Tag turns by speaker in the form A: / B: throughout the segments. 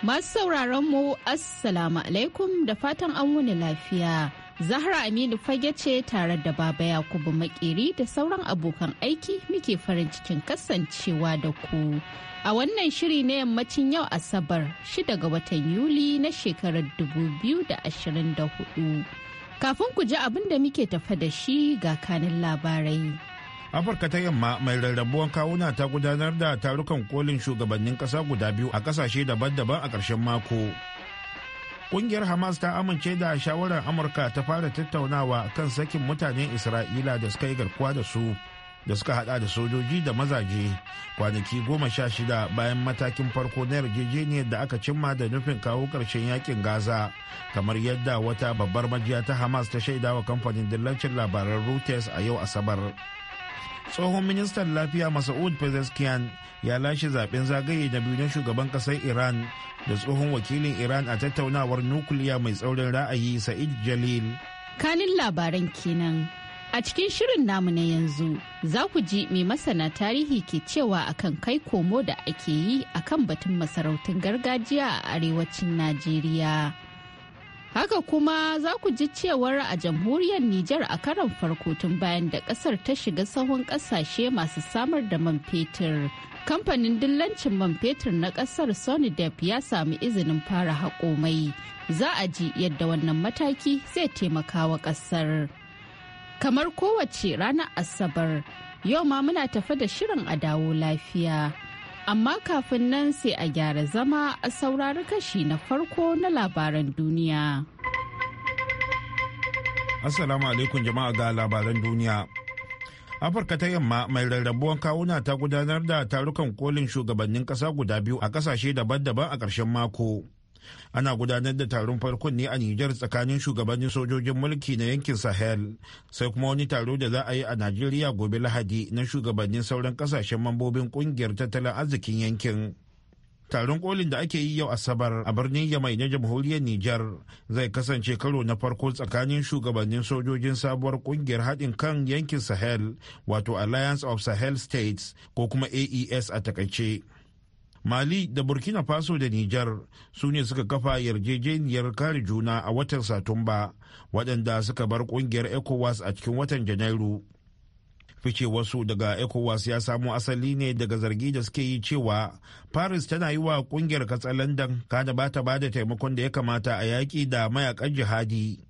A: Masu sauraron mu Assalamu alaikum da fatan an wuni lafiya. Zahra Aminu fage ce tare da Baba Yakubu Maƙeri da sauran abokan aiki muke farin cikin kasancewa da ku. A wannan shiri na yammacin yau Asabar 6 ga watan Yuli na shekarar 2024. Kafin ku ji abin da muke tafa da shi ga kanin labarai.
B: afirka ta yamma mai rarrabuwan kawuna ta gudanar da tarukan kolin shugabannin kasa guda biyu a kasashe daban-daban a ƙarshen mako ƙungiyar hamas ta amince da shawarar amurka ta fara tattaunawa kan sakin mutanen isra'ila da suka yi garkuwa da su da suka hada da sojoji da mazaje kwanaki goma sha shida bayan matakin farko na yarjejeniyar da aka cimma da nufin kawo karshen yakin gaza kamar yadda wata babbar majiya ta hamas ta shaidawa kamfanin dillancin labaran reuters a yau asabar tsohon ministan lafiya masaud pezeskian ya lashe zaben zagaye na biyu na shugaban kasar iran da tsohon wakilin iran a tattaunawar nukiliya mai tsaurin ra'ayi sa'id jalil
A: kanin labaran kenan a cikin shirin namu na yanzu za ku ji mai masana tarihi ke cewa akan kai komo da ake yi akan batun masarautun gargajiya a arewacin najeriya Haka kuma za ku ji cewar a jamhuriyar Nijar a karan farko tun bayan da kasar ta shiga sahun kasashe masu samar da man fetur. Kamfanin dillancin man fetur na kasar Sonidep ya sami izinin fara haƙomai. mai. Za a ji yadda wannan mataki zai taimaka wa kasar. Kamar kowace ranar Asabar, yau ma muna tafe da shirin a dawo lafiya. Amma kafin nan sai a gyara zama a saurari kashi na farko na labaran duniya.
B: Assalamu alaikum jama'a ga labaran duniya. afirka ta yamma mai rarrabuwan kawuna ta gudanar da tarukan kolin shugabannin ƙasa guda biyu a ƙasashe daban-daban a ƙarshen mako ana gudanar da taron farkon ne a Nijar tsakanin shugabannin sojojin mulki na yankin Sahel sai kuma wani taro da za a yi a Najeriya gobe Lahadi na shugabannin sauran kasashen mambobin kungiyar tattalin arzikin yankin. Taron kolin da ake yi yau Asabar a birnin Yamai na jamhuriyar Nijar zai kasance karo na farko tsakanin shugabannin sojojin sabuwar kungiyar haɗin kan yankin Sahel wato Alliance of Sahel States ko kuma AES a takaice. mali da burkina faso da nijar su ne suka kafa yarjejeniyar kare juna a watan satumba waɗanda suka bar ƙungiyar ecowas a cikin watan janairu Fice wasu daga ecowas ya samo asali ne daga zargi da suke yi cewa paris tana yi wa ƙungiyar katsalandan kada ba ta ba da taimakon da ya kamata a yaƙi da mayakan jihadi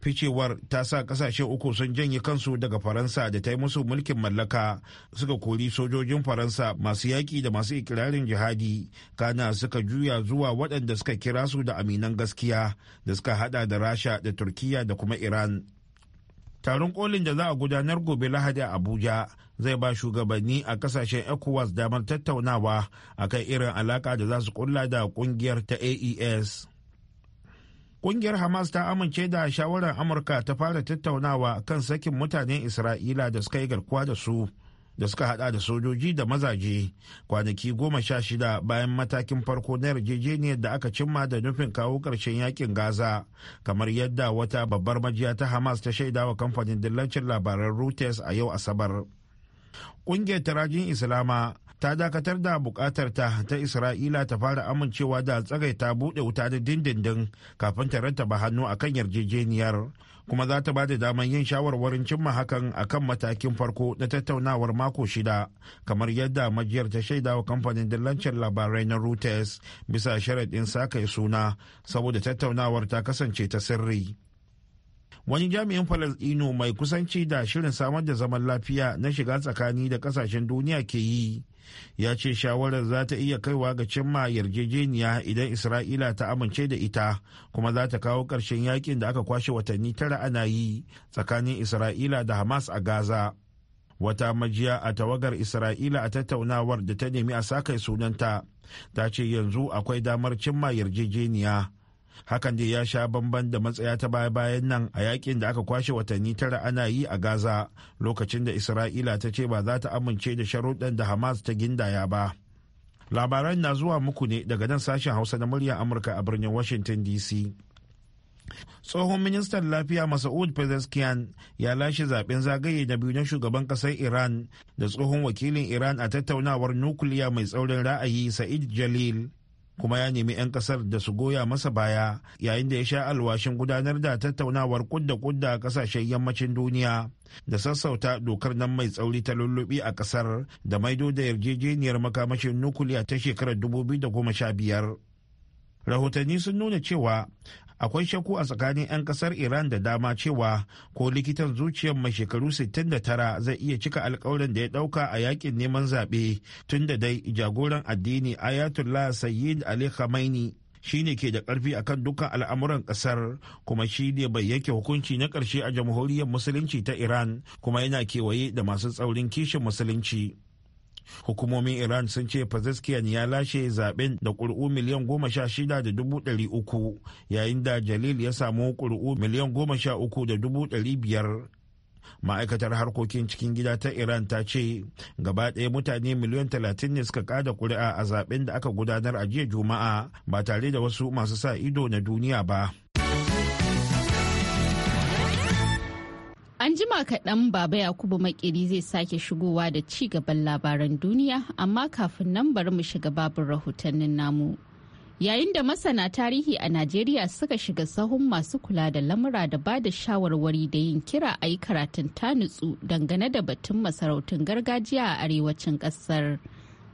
B: ficewar ta sa kasashe uku sun janye kansu daga faransa da ta yi musu mulkin mallaka suka kori sojojin faransa masu yaƙi da masu ikirarin jihadi kana suka juya zuwa waɗanda suka kira su da aminan gaskiya da suka hada da rasha da turkiya da kuma iran taron kolin da za a gudanar gobe lahadi a abuja zai ba shugabanni a kasashen ecowas damar tattaunawa akan irin alaka da za su kulla da kungiyar ta aes kungiyar hamas ta amince da shawarar amurka ta fara tattaunawa kan sakin mutanen isra'ila da suka yi garkuwa da su da suka hada da sojoji da mazaje kwanaki goma sha shida bayan matakin farko na yarjejeniyar da aka cimma da nufin kawo ƙarshen yakin gaza kamar yadda wata babbar majiya ta hamas ta shaida wa kamfanin dillancin labaran reuters a yau asabar ƙungiyar tarajin islama ta dakatar da bukatar ta ta isra'ila ta fara amincewa da ta buɗe wuta da dindindin kafin ta rattaba hannu akan yarjejeniyar kuma za ta bada damar yin shawarwarin cimma hakan a kan matakin farko na tattaunawar mako shida kamar yadda majiyar ta shaida wa kamfanin dillancin labarai na reuters bisa sharaɗin sakai suna saboda tattaunawar ta kasance ta sirri wani jami'in falasdino mai kusanci da shirin samar da zaman lafiya na shiga tsakani da kasashen duniya ke yi ya ce shawarar za ta iya kaiwa ga cimma yarjejeniya idan isra'ila ta amince da ita kuma za ta kawo ƙarshen yakin da aka kwashe watanni tara ana yi tsakanin isra'ila da hamas a gaza wata majiya a tawagar isra'ila a tattaunawar da ta nemi a sakai sunanta ta ce yanzu akwai damar cimma yarjejeniya hakan dai ya sha bamban da matsaya ta baya-bayan nan a yakin da aka kwashe watanni tara ana yi a gaza lokacin da isra'ila ta ce ba za ta amince da sharuɗan da hamas ta gindaya ba labaran na zuwa muku ne daga nan sashen hausa na muryar amurka a birnin washington dc tsohon ministan lafiya masaud pezeskian ya lashe zaben zagaye na biyu na shugaban kasar iran da tsohon wakilin iran a tattaunawar nukuliya mai tsaurin ra'ayi sa'id jalil kuma ya nemi 'yan kasar da su goya masa baya yayin da ya sha alwashin gudanar da tattaunawar kudda kudda a kasashen yammacin duniya da sassauta dokar nan mai tsauri ta lullubi a kasar da maido da yarjejeniyar makamashin nukuliya ta shekarar 2015 rahotanni sun nuna cewa akwai shakku a tsakanin 'yan kasar iran da dama cewa ko likitan zuciyar mai shekaru 69 zai iya cika alkawarin da ya dauka a yakin neman zaɓe tun da dai jagoran addini ayatollah sayyid ali khamenei ne ke da karfi kan dukkan al'amuran kasar kuma shi ne bai yake hukunci na ƙarshe a jamhuriyar musulunci ta iran kuma yana kewaye da masu tsaurin kishin musulunci hukumomin iran sun ce fazaskiyan ya lashe zaben da ƙuri'u miliyan goma sha shida da dubu ɗari uku yayin da jalil ya samu kuri'u miliyan goma sha uku da dubu ɗari biyar ma'aikatar harkokin cikin gida ta iran ta ce gaba ɗaya mutane miliyan talatin ne suka kada ƙuri'a a zaben da aka gudanar a jiya juma'a ba tare da wasu masu sa ido na duniya ba
A: An jima kaɗan Baba Yakubu Makeri zai sake shigowa da ci gaban labaran duniya, amma kafin nan bari mu shiga babin rahotannin namu. Yayin da masana tarihi a Najeriya suka shiga sahun masu kula da lamura da ba da shawarwari da yin kira a yi karatun tanutsu dangane da batun masarautun gargajiya a arewacin ƙasar.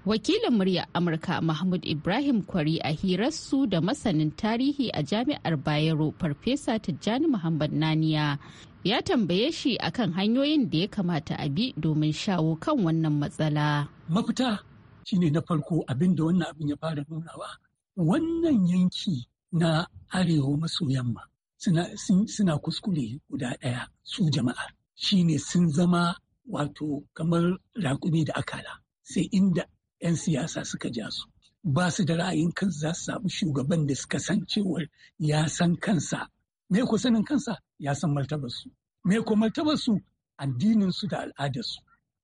A: Wakilin muryar Amurka Mahmud Ibrahim Kwari a hirarsu da masanin tarihi a Jami'ar Bayero Farfesa Tijjani Muhammad Naniya ya tambaye shi akan hanyoyin da ya kamata a bi domin shawo kan wannan matsala. Mafita
C: shi ne na farko abin da wannan abin ya fara nunawa wannan yanki na arewa maso yamma suna, kuskure guda ɗaya su jama'a ne sun zama wato kamar raƙumi da akala sai inda 'yan siyasa suka ja su ba su da ra'ayin kansu za su samu shugaban da suka san cewar ya san kansa me ko sanin kansa ya san martabarsu me ku martabarsu addininsu da al'adarsu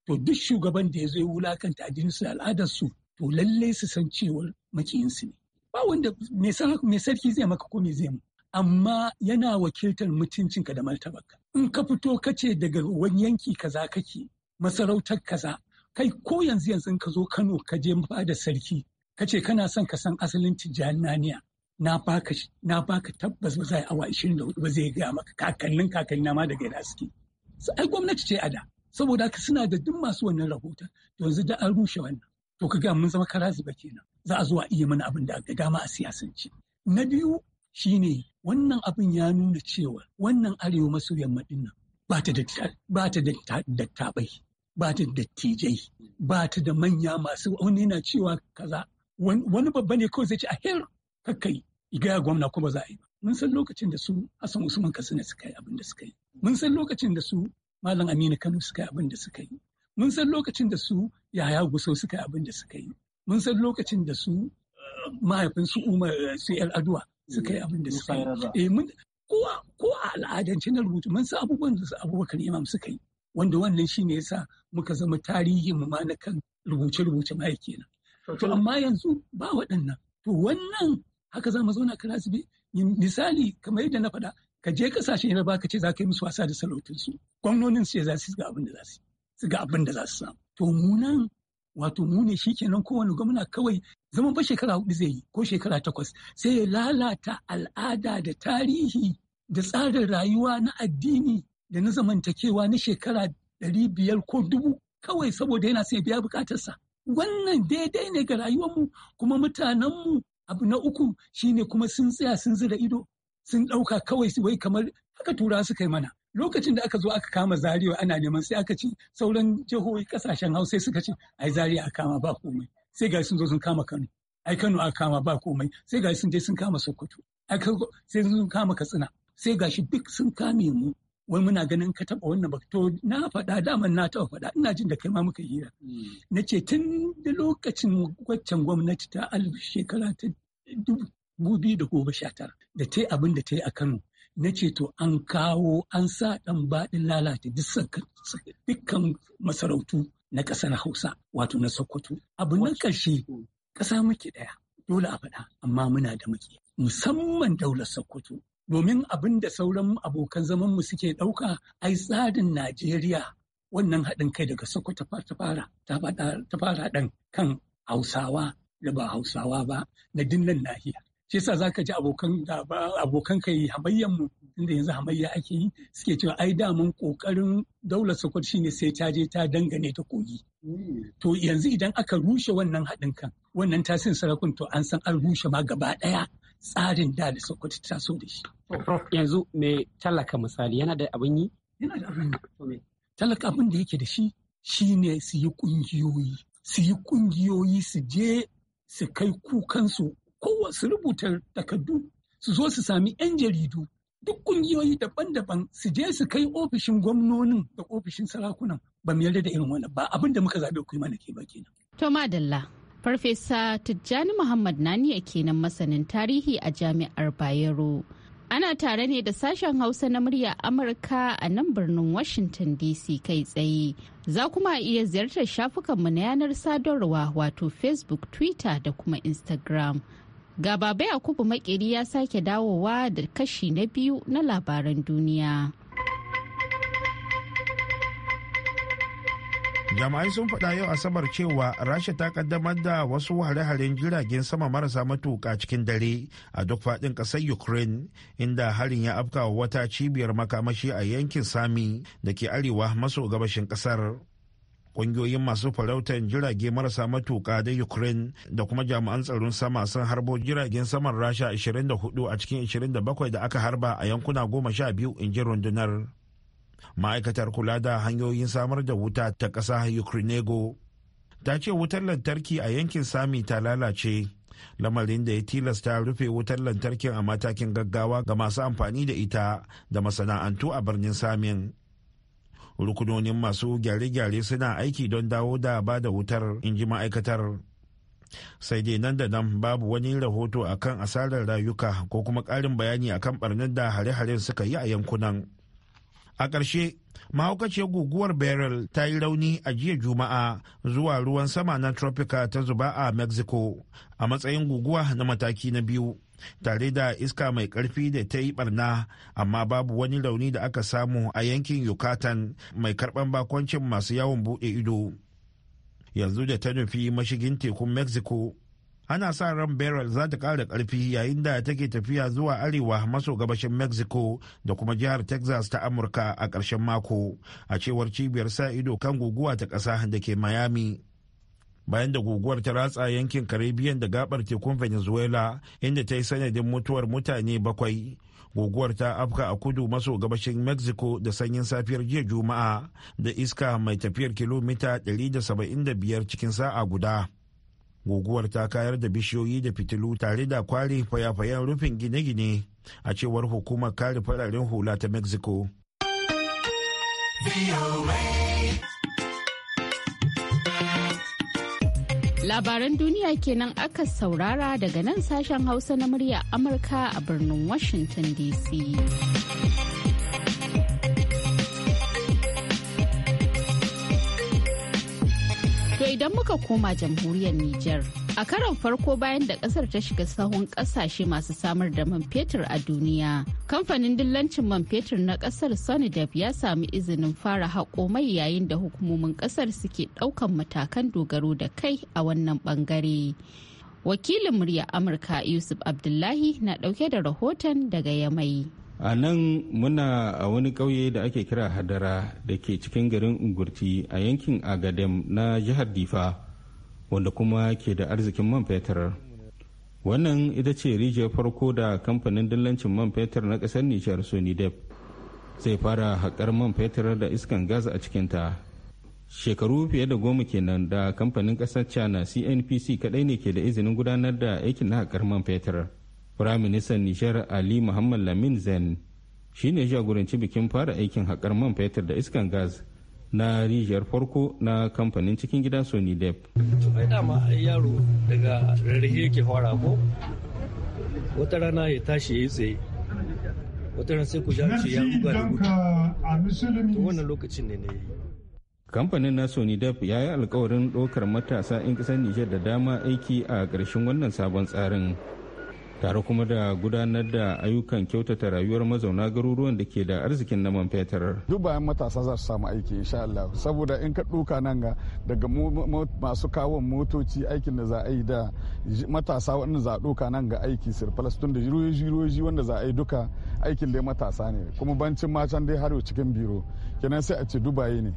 C: to duk shugaban da ya zo wulakanta addininsu da al'adarsu to lallai su san cewar makiyinsu ne ba wanda me sarki zai maka ko me zai mu amma yana wakiltar mutuncinka da martabarka in ka fito kace daga wani yanki kaza kake masarautar kaza kai ko yanzu yanzu ka zo Kano ka je da sarki kace kana son ka san asalin Tijjaniya na baka na baka tabbas ba zai awa 24 ba zai gaya maka kakannin kakannin ma daga ina suke su ai gwamnati ce a da saboda haka suna da duk masu wannan rahoton to yanzu da an rushe wannan to ka ga mun zama karazi ba kenan za a zuwa iya mana abin da aka dama a siyasance na biyu shine wannan abin ya nuna cewa wannan arewa maso yamma nan. ba ta da dattabai ba ta da tijai ba ta da manya masu wani yana cewa kaza wani babba ne kawai zai ce a hir kakai gaya gwamna ko ba za a yi ba mun san lokacin da su Hassan Usman Katsina suka yi abin da suka yi mun san lokacin da su Malam Aminu Kano suka yi abin da suka yi mun san lokacin da su Yahaya Gusau suka yi abin da suka yi mun san lokacin da su uh, mahaifin su Umar uh, su Yar Adua suka yi abin da suka yi eh, ko a al'adance na rubutu mun san abubuwan da su Abubakar Imam suka yi wanda wannan shi ne yasa muka zama tarihi mu ma na kan rubuce-rubuce ma kenan to amma yanzu ba waɗannan to wannan haka za mu zauna kana su bi? misali kamar yadda na faɗa ka je kasashen yarba ka ce za ka yi musu wasa da sarautunsu gwamnonin su za su ga abin da za su su ga abin da za su samu to mu nan wato mu ne kenan kowane gwamna kawai zama ba shekara hudu zai yi ko shekara takwas sai ya lalata al'ada da tarihi da tsarin rayuwa na addini da na zamantakewa na shekara ɗari biyar ko dubu kawai saboda yana sai biya bukatarsa wannan daidai ne ga rayuwar mu kuma mutanen mu. abu na uku shine kuma sun tsaya sun zira ido sun ɗauka kawai wai kamar haka tura suka yi mana lokacin da aka zo aka kama zariya ana neman sai aka ci sauran jihohi kasashen hausa suka ce ai zariya a kama ba komai sai ga sun zo sun kama kano ai kano a kama ba komai sai ga sun je sun kama sokoto ai sai sun kama katsina sai gashi duk sun kame mu wai muna ganin ka taba wannan ba to na faɗa daman na taba faɗa ina jin da kai ma muka hira hmm. na ce tun da lokacin waccan gwamnati ta alif shekara ta dubu biyu da goma sha tara da ta yi abin da ta yi a kano na ce to an kawo an sa ɗan baɗin lalata dukkan masarautu na ƙasar hausa wato na sokoto abu na ƙarshe hmm. ƙasa muke ɗaya dole a faɗa amma muna da muke musamman daular sokoto domin abin da sauran abokan zamanmu suke ɗauka ai tsarin najeriya wannan haɗin kai daga sokoto ta fara ɗan kan hausawa da ba hausawa ba na dinnan nahiya shi yasa zaka ji abokan abokan kai hamayyan mu inda yanzu hamayya ake yi suke cewa ai daman kokarin daular sokoto shine sai ta je ta dangane ta kogi. to yanzu idan aka rushe wannan haɗin kan wannan tasirin sarakun to an san an rushe ma gaba ɗaya tsarin da da Sokoto ta so da shi. Yanzu mai tallaka misali yana da abin yi? Yana da abin yi. abin da yake da shi ne su yi kungiyoyi. Su yi kungiyoyi su je su kai kukansu kowa su rubuta takardu su zo su sami 'yan jaridu duk ƙungiyoyi daban-daban su je su kai ofishin gwamnonin da ofishin sarakunan ba mu yarda da irin wannan ba abin da muka zaɓe ku yi mana ke ba kenan.
A: To dalla. Farfesa Tijjani Muhammad Naniya kenan masanin tarihi a Jami'ar Bayero. Ana tare ne da sashen Hausa na murya Amurka a nan birnin Washington DC kai tsaye. Za kuma iya ziyartar shafukanmu na yanar sadarwa wato Facebook, Twitter da kuma Instagram. Ga babai Yakubu Makeri ya sake dawowa da kashi na biyu na labaran duniya.
B: jama'ai sun faɗa yau asabar cewa rasha ta kaddamar da wasu hare-haren jiragen sama marasa matuƙa cikin dare a duk faɗin ƙasar ukraine inda harin ya afkawa wata cibiyar makamashi a yankin sami da ke arewa maso gabashin ƙasar ƙungiyoyin masu farautar jirage marasa matuƙa da ukraine da kuma jami'an tsaron sama sun harbo jiragen saman rasha 24 a cikin 27 da aka harba a yankuna 12 in ji rundunar ma'aikatar kula da hanyoyin samar da wuta ta ƙasa ukrainego ta ce wutar lantarki a yankin sami ta lalace lamarin da ya tilasta rufe wutar lantarkin a matakin gaggawa ga masu amfani da ita da masana'antu a birnin samin rukunonin masu gyare-gyare suna aiki don dawo da ba da wutar in ji ma'aikatar sai dai nan da nan babu wani rahoto akan asarar rayuka ko kuma ƙarin bayani akan barnar da hare-haren suka yi a yankunan. a ƙarshe mahaukaciyar guguwar beryl ta yi rauni a jiya juma'a zuwa ruwan sama na tropica ta zuba a mexico a matsayin guguwa na mataki na biyu tare da iska mai ƙarfi da ta yi barna amma babu wani rauni da aka samu a yankin yucatan mai karɓar bakoncin masu yawon bude ido yanzu da ta nufi mashigin tekun mexico ana sa ran beryl za ta ƙara ƙarfi yayin da take tafiya zuwa arewa maso gabashin mexico da kuma jihar texas ta amurka a ƙarshen mako a cewar cibiyar sa ido kan guguwa ta ƙasa da ke miami bayan da guguwar ta ratsa yankin caribbean da gabar tekun venezuela inda ta yi sanadin mutuwar mutane bakwai guguwar ta afka a kudu maso gabashin mexico da sanyin safiyar jiya juma'a da iska mai tafiyar kilomita 175 cikin sa'a guda guguwar ta kayar da bishiyoyi da fitilu tare da kwari fayafayen rufin gine-gine a cewar hukumar kare fararen hula ta mexico
A: labaran duniya kenan aka saurara daga nan sashen hausa na murya amurka a birnin washington dc idan muka koma jamhuriyar Nijar, a karon farko bayan da kasar ta shiga sahun kasashe masu samar da man fetur a duniya, kamfanin dillancin man fetur na kasar Sonidab ya sami izinin fara haƙo mai yayin da hukumomin kasar suke ɗaukan matakan dogaro da kai a wannan ɓangare. Wakilin murya Amurka Yusuf Abdullahi na ɗauke da rahoton daga Yamai.
D: a nan muna a wani ƙauye da ake kira hadara da ke cikin garin ungurti a yankin agadem na jihar difa wanda kuma ke da arzikin man fetur wannan ita ce rijiyar farko da kamfanin dillancin man fetur na ƙasar nijar sonidep zai fara haƙar man fetur da iskan gas a cikinta shekaru fiye da goma kenan da kamfanin ƙasar china cnpc kaɗai ne ke da izinin gudanar da aikin na haƙar man fetur firaministan nishar ali muhammad lamin zen shi ne jagoranci bikin fara aikin haƙar man fetur da iskan gas na rijiyar farko na kamfanin cikin gida sony dep
E: dama yaro daga rarrahe yake fara ko wata rana ya
D: tashi ya yi tsaye wata rana sai ku ja ce ya buga da
E: gudu to wannan lokacin ne ne
D: kamfanin na sony dep ya yi alkawarin ɗaukar matasa 'yan ƙasar nijar da dama aiki a ƙarshen wannan sabon tsarin tare kuma da gudanar da ayyukan kyautata rayuwar mazauna garuruwan da ke da arzikin na fetur. Duk bayan matasa za su samu aiki insha Allah saboda in ka duka nan ga daga masu kawon motoci aikin da za a yi da matasa wanda za a duka nan ga aiki surplus tun da jiroji wanda za a yi duka aikin dai matasa ne kuma bancin can dai har cikin biro kenan sai a ce dubaye ne.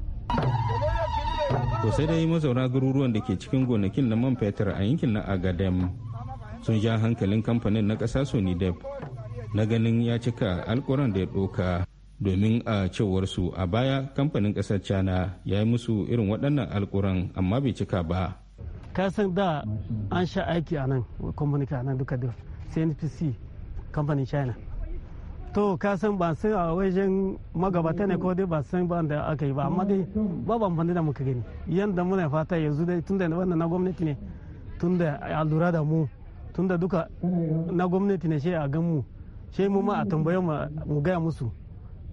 D: To sai dai mazauna garuruwan da ke cikin gonakin na man fetur a yankin na Agadem sun ja hankalin kamfanin na ƙasa sony dep na ganin ya cika alkuran da ya ɗoka domin a cewar su a baya kamfanin ƙasar china ya yi musu irin waɗannan alkuran amma bai cika ba ka san
E: da an sha aiki a nan kamfanin a nan duka da cnpc kamfanin china to ka san ba san a wajen magabata ne ko dai ba san ba da aka yi ba amma dai ba ba amfani da muka gani yadda muna fata yanzu dai tunda wannan na gwamnati ne tunda a lura da mu tunda duka na gwamnati ne shi a ganmu shi mu ma a tambaye mu gaya musu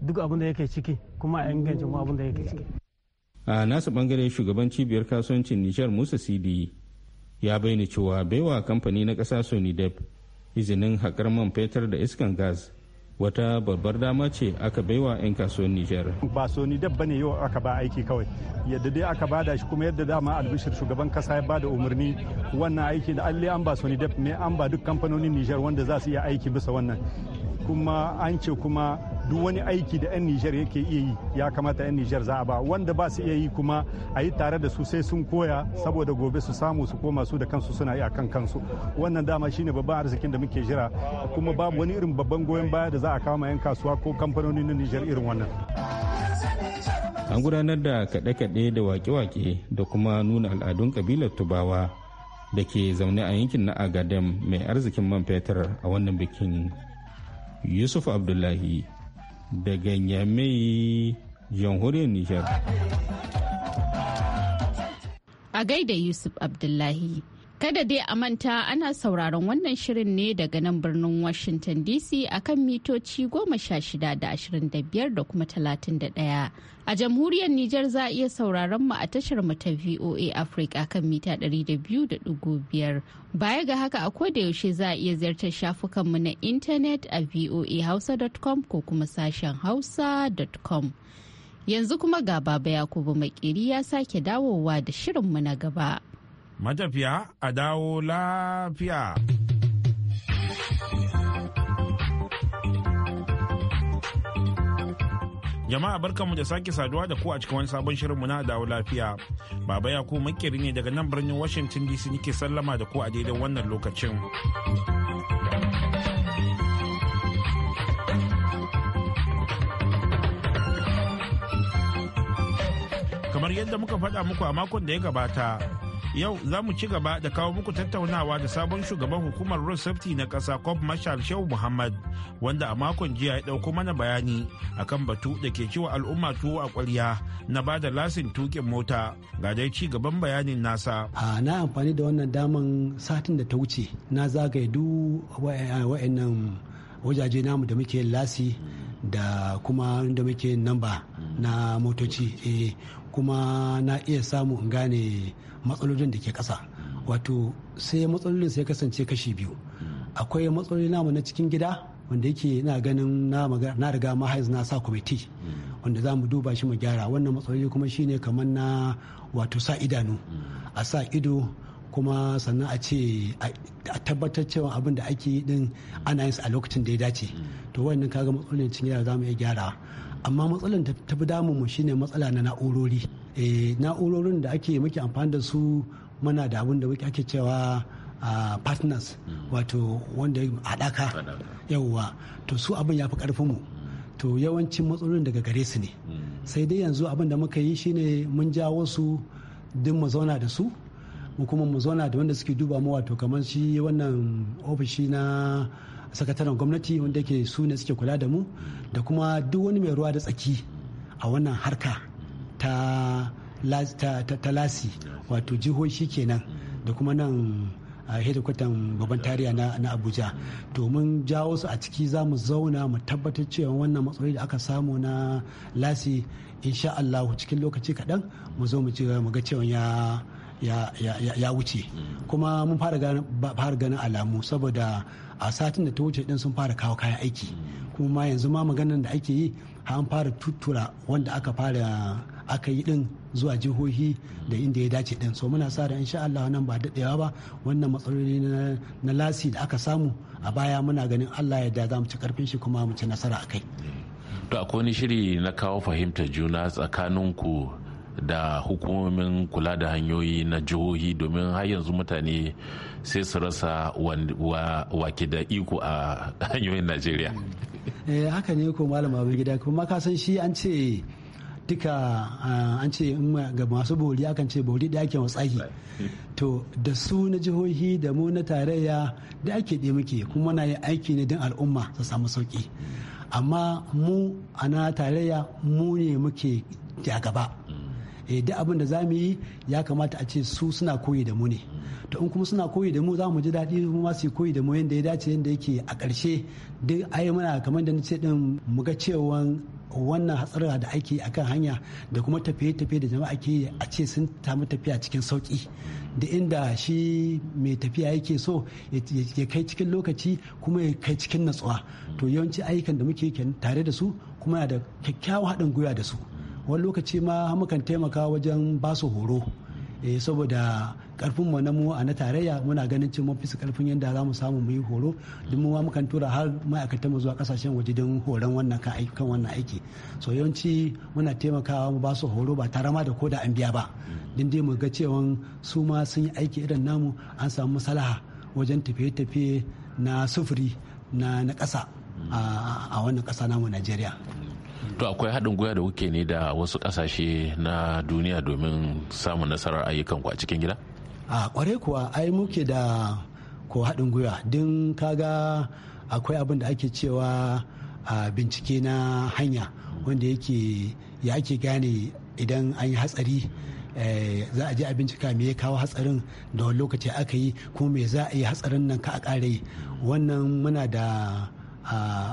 E: duk abin da yake ciki kuma a inganci mu abin da yake ciki
D: a nasa bangare shugaban cibiyar kasuwancin nijar musa cd ya bayyana cewa baiwa kamfani na ƙasa sonidep izinin haƙar man fetur da iskan gas wata babbar dama ce aka baiwa 'yan kasuwar Nijar. Ba so ni dabba ne yau
B: aka ba aiki kawai yadda dai aka bada shi kuma yadda dama albishir shugaban kasa ya bada umarni wannan aiki da alli an ba so ni dab ne an ba duk kamfanonin Nijar wanda za su iya aiki bisa wannan kuma an ce kuma duk wani aiki da 'yan Nijar yake iya yi ya kamata 'yan Nijar za a ba wanda ba su iya yi kuma a yi tare da su sai sun koya saboda gobe su samu su koma su da kansu suna yi akan kansu wannan dama shine babban arzikin da muke jira kuma babu wani irin babban goyon baya da za a kama 'yan kasuwa ko kamfanoni na Nijar irin wannan.
D: An gudanar da kaɗe-kaɗe da wake-wake da kuma nuna al'adun kabilar Tubawa da ke zaune a yankin na Agadem mai arzikin man fetur a wannan bikin. Yusuf Abdullahi daga Yamai jamhuriyar Nijar.
A: A gaida Yusuf Abdullahi. Kada dai a manta ana sauraron wannan shirin ne daga nan birnin Washington DC akan mitoci goma sha shida da ashirin da biyar da kuma talatin da ɗaya. A jamhuriyar Nijar za a iya sauraron mu a tashar mu ta VOA Africa kan mita ɗari da biyu da ɗigo biyar. Baya ga haka a da yaushe za a iya ziyartar shafukanmu na intanet a voahausa.com ko kuma sashen hausa.com. Yanzu kuma ga baba Yakubu ya sake dawowa da shirin mu na gaba.
B: matafiya a dawo lafiya. Jama'a barkanmu da sake saduwa da ku a cikin wani sabon shirinmu na dawo lafiya. Baba ya ku makeri ne daga nan birnin Washington DC nike sallama da ku a daidai wannan lokacin. Kamar yadda muka faɗa muku a makon da ya gabata, Yau za mu ci gaba da kawo muku tattaunawa da sabon shugaban hukumar road safety na ƙasa Cop Marshal Shehu Muhammad wanda a makon jiya ya ɗauko mana bayani akan batu da ke ciwa al'umma tuwo a kwarya na ba da lasin tukin mota ga dai ci gaban bayanin nasa.
E: A na amfani da wannan daman satin da ta wuce na zagaye duk eh, wa'annan wajaje namu da muke lasi da kuma da muke namba na motoci eh, kuma na iya samu in gane matsalolin da ke ƙasa wato sai matsalolin sai kasance kashi biyu akwai matsaloli namu na cikin gida wanda yake na ganin na riga mahaiz na sa kwamiti wanda za mu duba shi mu gyara wannan matsaloli kuma shine kamar na wato sa idanu a sa ido kuma sannan a ce a tabbatar cewa abin da ake yi din ana yin a lokacin da ya dace to wannan kaga matsalolin cikin gida za mu iya gyara amma matsalar ta fi damun mu shine matsala na na'urori eh, na'urorin da ake muke amfani da su mana da abin da muke ake cewa ah, partners hmm. wato wanda haɗaka yawwa to su abin ya fi ƙarfin mu to yawancin matsalolin daga gare su ne hmm. sai dai yanzu abin da muka yi shine mun jawo su duk mu zauna da su mu kuma mu zauna da wanda suke duba mu wato kamar shi wannan ofishi na sakataren gwamnati wanda yake su ne suke kula da mu da kuma duk wani mai ruwa da tsaki a wannan harka ta lasi wato jihohi kenan da kuma nan a hedikwatan babban tariya na abuja to domin jawo su a ciki za mu zauna mu tabbatar cewa wannan matsaloli da aka samu na lasi insha cikin lokaci kaɗan mu zo mu ga cewa ya ya wuce kuma mun fara ganin alamu saboda a satin da ta wuce din sun fara kawo kayan aiki kuma yanzu ma maganin da ake yi an fara tuttura wanda aka fara aka yi din zuwa jihohi da inda ya dace din so muna sa da insha Allah nan ba daɗewa ba wannan matsaloli na lasi da aka samu a baya muna ganin Allah ya da za mu ci karfin shi kuma mu ci nasara akai
D: to akwai wani shiri na kawo fahimtar juna tsakaninku. ku da hukumomin kula da hanyoyi na jihohi domin har yanzu mutane sai su rasa wake da iko a hanyoyin najeriya
E: eh, haka ne ko malam abin gida kuma ka san shi an ce duka ah, an ce ga masu bori akan ce bori da ake tsaki to da su na jihohi da mu na tarayya da ake ɗe muke kuma na yi aiki ne don al'umma su samu sauki amma mu a na tarayya mu ne muke a gaba Eh, duk abin da za mu yi ya kamata a ce su suna koyi da mu ne to in kuma suna koyi da mu za mu ji daɗi kuma su koyi da mu yadda ya dace yadda yake a ƙarshe duk ai muna kamar da nace din mu ga cewa wannan hatsara da ake a kan hanya da kuma tafiye-tafiye da jama'a ke a ce sun tamu tafiya cikin sauki da inda shi mai tafiya yake so ya kai cikin lokaci kuma ya kai cikin natsuwa to yawanci ayyukan da muke tare da su kuma da kyakkyawan haɗin gwiwa da su wani lokaci ma mukan taimaka wajen ba su horo eh saboda karfin mu na mu a na tarayya muna ganin cewa mafi su karfin yadda za mu samu mu yi horo duk mu mukan tura har ma'aikatan mu zuwa kasashen waje don horon wannan kan wannan aiki so yawanci muna taimakawa mu ba su horo ba tare ma da ko da an biya ba din dai mu ga cewa su ma sun yi aiki irin namu an samu masalaha wajen tafiye-tafiye na sufuri na na ƙasa a wannan kasa namu Najeriya.
D: to akwai haɗin gwiwa da kuke ne da wasu ƙasashe na duniya domin samun nasarar ayyukan ku a cikin gida
E: a kware kuwa ai muke da ko haɗin gwiwa din kaga akwai abin da ake cewa a bincike na hanya wanda yake ya ake gane idan an yi hatsari eh, za a je a bincika me ya kawo hatsarin da wani lokaci aka yi kuma me za a yi hatsarin nan ka a kare wannan muna da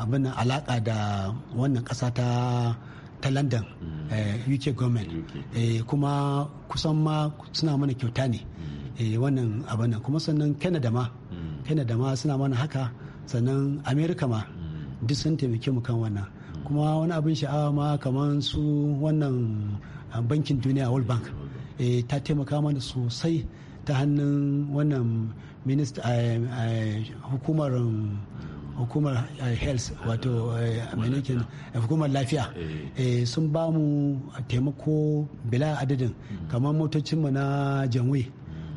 E: abin alaka da wannan kasa ta ta london mm. Eh, uk government okay. Eh, kuma kusan ma suna mana kyauta ne mm. Eh, wannan abin kuma sannan canada ma mm. canada ma suna mana haka sannan america ma mm. duk sun taimake mu kan wannan kuma wani abin sha'awa ma kamar su wannan ah, bankin duniya world bank ta taimaka mana sosai ta hannun wannan minista uh, uh, hukumar um, hukumar eh, health wato eh, menukin hukumar lafiya eh. sun ba mu taimako bila adadin hmm. kamar motocinmu na janwe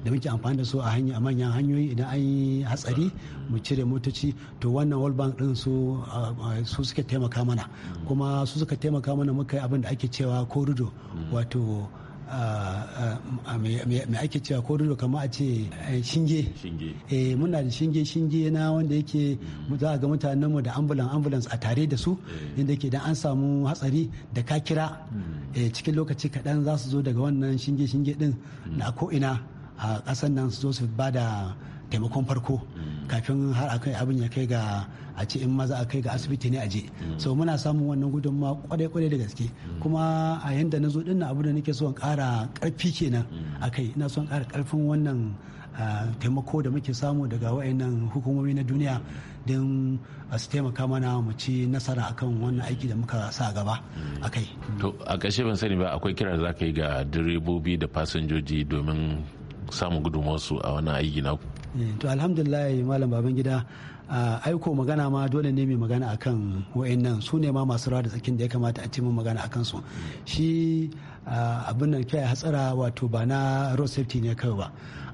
E: da muke amfani da su a hanya manyan hanyoyi idan an yi hatsari mu cire motoci to wannan world bank din su ah, ah, su suka taimaka mana hmm. kuma su suka taimaka mana muka yi abin da ake cewa corridor hmm. wato mai ake cewa ko rido kama a ce eh, shinge eh, muna da shinge shinge na wanda yake mm. za a ga mutanen mu da ambulance ambulance a tare da su eh. inda yake dan an samu hatsari da ka kira mm. cikin lokaci kaɗan za su zo daga wannan shinge shinge din mm. na ko ina a ƙasar nan su zo su bada taimakon farko mm. kafin har akai abin ya kai ga a ce in maza a kai ga asibiti ne a je mm. so muna samun wannan gudunmawa kwarai kwarai da gaske mm. kuma a yanda na zo abu da nake so in ƙara ƙarfi kenan akai ina son ƙara ƙarfin wannan taimako da muke samu daga wayannan hukumomi na duniya don su taimaka mana mu ci nasara akan wannan aiki da muka sa gaba
D: a To a ƙarshe ban sani ba akwai kira da za ka yi ga direbobi da fasinjoji domin samun gudunmawarsu a wannan aiki na.
E: Eh, to alhamdulillah malam baban gida aiko ah, magana ma dole ne mai magana akan wa'annan su ne ma masu rawa da tsakin da ya kamata a cimin magana akan su shi ah, abin nan kai hatsara wato ba na road safety ne kawai ba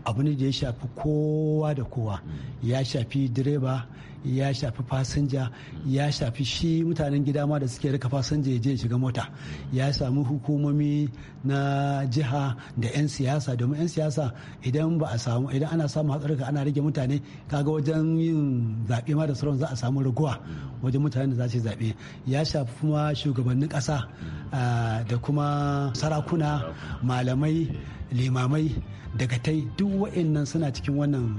E: abu ne da ya shafi kowa da kowa ya shafi direba ya shafi fasinja ya shafi shi mutanen gida ma da suke rika fasinja ya je shiga mota ya samu hukumomi na jiha da 'yan siyasa domin 'yan siyasa idan ba a samu idan ana samu hatsarka ana rage mutane kaga wajen yin zaɓe ma da sauran za a samu raguwa wajen mutanen da za su zaɓe ya shafi kuma shugabannin ƙasa ah, da kuma sarakuna malamai limamai daga tai duk wa'annan suna cikin wannan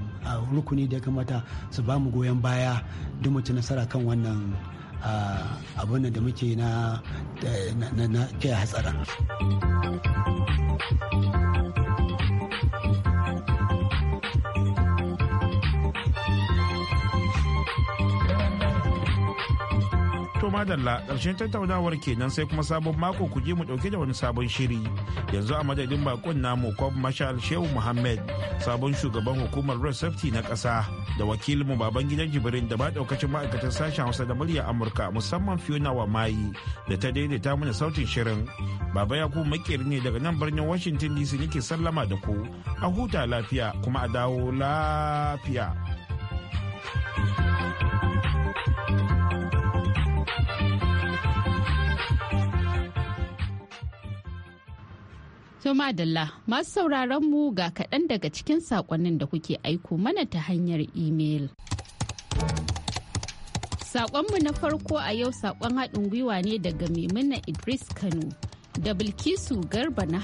E: rukuni da ya kamata su ba mu goyon baya duk mu ci nasara kan wannan abin da muke na kai hatsara.
B: To madalla ƙarshen tattaunawar kenan sai kuma sabon mako ku je mu ɗauke da wani sabon shiri. Yanzu a madadin bakon namu Kwab Mashal Shehu Muhammad sabon shugaban hukumar Red Safety na ƙasa da wakilinmu baban gidan Jibrin da ba ɗaukacin ma'aikatan sashen Hausa da murya Amurka musamman Fiona wa mayi da ta daidaita mana sautin shirin. Baba ya kuma makeri ne daga nan birnin Washington DC nake sallama da ku. A huta lafiya kuma a dawo lafiya. thank you
A: To madalla masu sauraron mu ga kaɗan daga cikin saƙonnin da kuke aiko mana ta hanyar imel. Saƙonmu na farko a yau saƙon haɗin gwiwa ne daga Maimuna Idris Kano. Da Bilkisu Garba na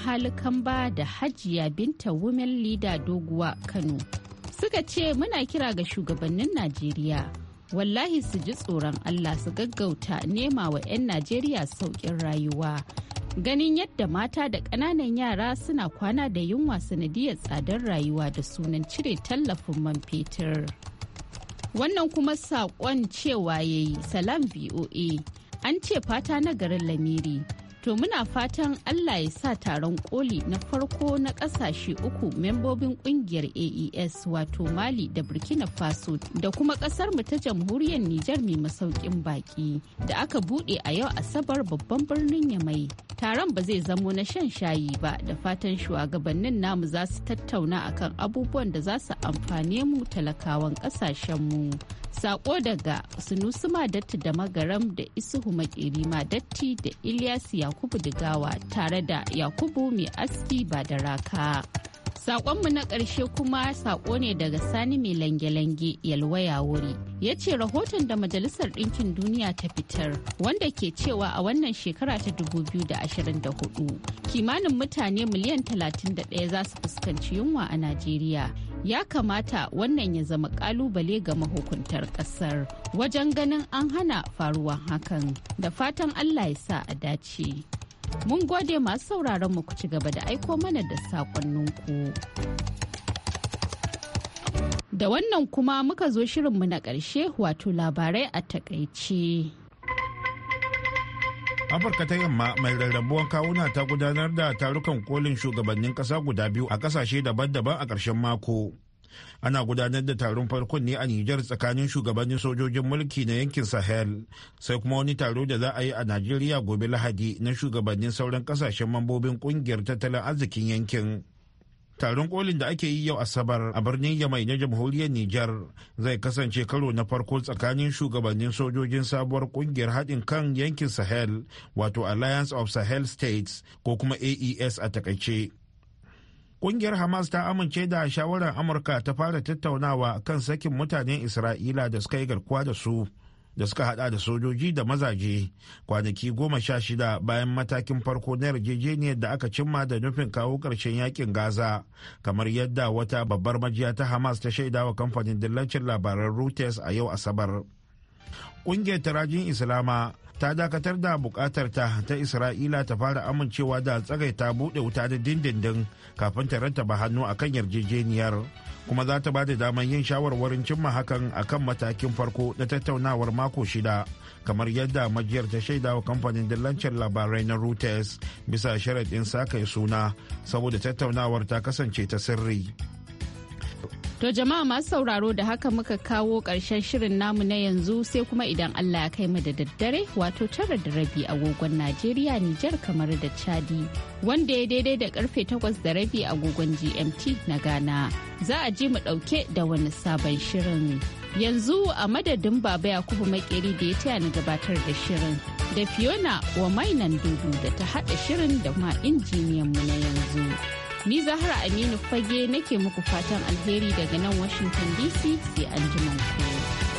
A: ba da Hajiya Binta Women Leader Doguwa Kano. Suka ce muna kira ga shugabannin Najeriya. Wallahi su ji tsoron Allah su gaggauta nema wa 'yan Najeriya sauƙin rayuwa. ganin yadda mata da ƙananan yara suna kwana da yunwa sanadiyar tsadar rayuwa da sunan cire tallafin man fetur wannan kuma saƙon cewa ya yi salam voa an ce fata na garin lamiri To muna fatan Allah ya sa taron koli na farko na kasashe uku membobin kungiyar AES wato Mali da Burkina Faso da kuma kasar mu ta jamhuriyar Nijar mai masaukin baki da aka bude a yau Asabar babban birnin Yamai. Taron ba zai zamo na shan shayi ba da fatan shugabannin namu za su tattauna akan abubuwan da za su amfane mu talakawan kasashen mu. Sako daga Sunusuma Datti da Magaram da Isuhu ma Datti da Ilyas Yakubu Digawa tare da Yakubu Mai Aski ba da raka. Sakonmu na ƙarshe kuma sako ne daga Sani mai lange-lange yalwaya wuri. Ya ce rahoton da Majalisar Ɗinkin Duniya ta fitar wanda ke cewa a wannan shekara ta 2024 kimanin mutane miliyan 31 za su fuskanci yunwa a Najeriya. ya kamata wannan ya zama kalubale ga mahukuntar kasar wajen ganin an hana faruwan hakan da fatan allah ya sa a dace mun gode masu sauraron mu ku ci gaba da aiko mana da saƙonninku. da wannan kuma muka zo shirin mu na ƙarshe wato labarai a takaici.
B: afirka ta yamma mai rarrabuwan kawuna ta gudanar da tarukan kolin shugabannin ƙasa guda biyu a ƙasashe daban-daban a ƙarshen mako ana gudanar da taron farkon ne a nijar tsakanin shugabannin sojojin mulki na yankin sahel sai kuma wani taro da za a yi a najeriya gobe lahadi na shugabannin sauran ƙasashen mambobin ƙungiyar tattalin arzikin yankin taron kolin da ake yi yau asabar a birnin yamai na jamhuriyar niger zai kasance karo na farko tsakanin shugabannin sojojin sabuwar kungiyar haɗin kan yankin sahel wato alliance of sahel states ko kuma aes a takaice kungiyar hamas ta amince da shawarar amurka ta fara tattaunawa kan sakin mutanen isra'ila da suka yi garkuwa da su da suka hada da sojoji da mazaje kwanaki goma sha shida bayan matakin farko na yarjejeniyar da aka cimma da nufin kawo karshen yakin gaza kamar yadda wata babbar majiya ta hamas ta shaida wa kamfanin dillancin labaran reuters a yau asabar ƙungiyar tarajin islama ta dakatar da bukatar ta ta isra'ila ta fara amincewa da tsagaita buɗe wuta da dindindin kafin ta ranta ba hannu akan yarjejeniyar kuma za ta ba da daman yin shawarwarin cimma hakan a kan matakin farko na tattaunawar mako shida kamar yadda majiyar ta shaida wa kamfanin dillancin labarai na reuters bisa sharaɗin sa kai suna saboda tattaunawar ta kasance ta sirri
A: To jama'a masu sauraro da haka muka kawo ƙarshen shirin namu na yanzu sai kuma idan Allah ya kai mu da daddare wato tara da rabi agogon Najeriya Nijar kamar da Chadi wanda ya daidai da karfe takwas da rabi agogon GMT na Ghana. Za a ji mu ɗauke da wani sabon shirin. Yanzu a madadin Baba Yakubu Makeri da ya taya ni gabatar da shirin da Fiona wa mainan dubu da ta haɗa shirin da ma injiniyan mu na yanzu. Ni Zahra Aminu Fage nake muku fatan alheri daga nan Washington DC sai an ku.